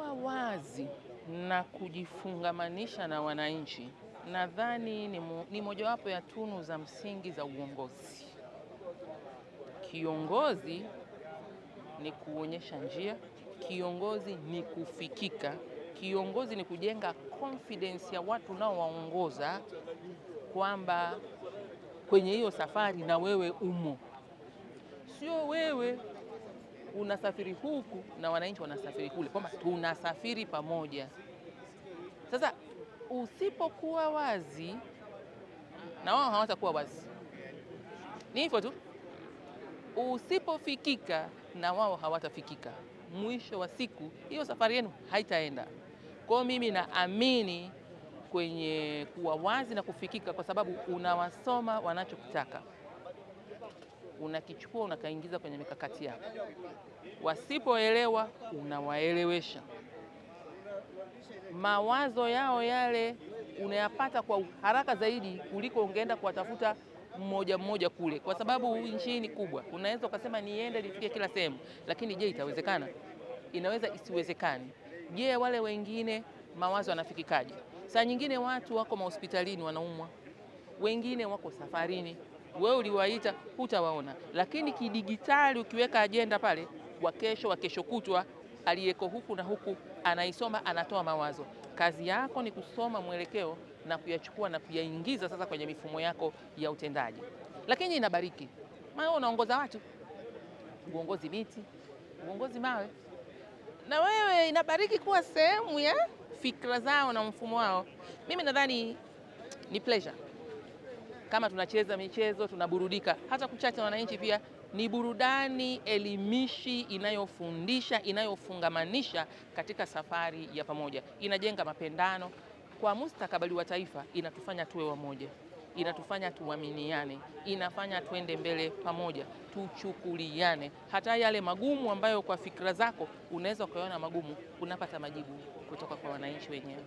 kuwa wazi na kujifungamanisha na wananchi, nadhani ni, mo, ni mojawapo ya tunu za msingi za uongozi. Kiongozi ni kuonyesha njia, kiongozi ni kufikika, kiongozi ni kujenga confidence ya watu unaowaongoza kwamba kwenye hiyo safari na wewe umo, sio wewe unasafiri huku na wananchi wanasafiri kule, kwamba tunasafiri pamoja. Sasa usipokuwa wazi na wao hawatakuwa wazi, ni hivyo tu. Usipofikika na wao hawatafikika, mwisho wa siku hiyo safari yenu haitaenda. Kwa hiyo mimi naamini kwenye kuwa wazi na kufikika, kwa sababu unawasoma wanachokitaka unakichukua unakaingiza kwenye mikakati yako. Wasipoelewa unawaelewesha. Mawazo yao yale unayapata kwa haraka zaidi kuliko ungeenda kuwatafuta mmoja mmoja kule, kwa sababu nchi hii ni kubwa. Unaweza ukasema niende nifike kila sehemu, lakini je, itawezekana? Inaweza isiwezekani. Je, wale wengine mawazo yanafikikaje? Saa nyingine watu wako mahospitalini wanaumwa, wengine wako safarini wewe uliwaita hutawaona, lakini kidigitali ukiweka ajenda pale, wa kesho wa kesho kutwa, aliyeko huku na huku anaisoma, anatoa mawazo. Kazi yako ni kusoma mwelekeo na kuyachukua na kuyaingiza sasa kwenye mifumo yako ya utendaji, lakini inabariki, maana unaongoza watu, uongozi miti, uongozi mawe, na wewe inabariki kuwa sehemu ya fikra zao na mfumo wao. Mimi nadhani ni pleasure kama tunacheza michezo tunaburudika. Hata kuchacha Wananchi pia ni burudani elimishi inayofundisha, inayofungamanisha katika safari ya pamoja, inajenga mapendano kwa mustakabali wa taifa, inatufanya tuwe wamoja, inatufanya tuaminiane, inafanya tuende mbele pamoja, tuchukuliane. Hata yale magumu ambayo kwa fikra zako unaweza ukaona magumu, unapata majibu kutoka kwa wananchi wenyewe.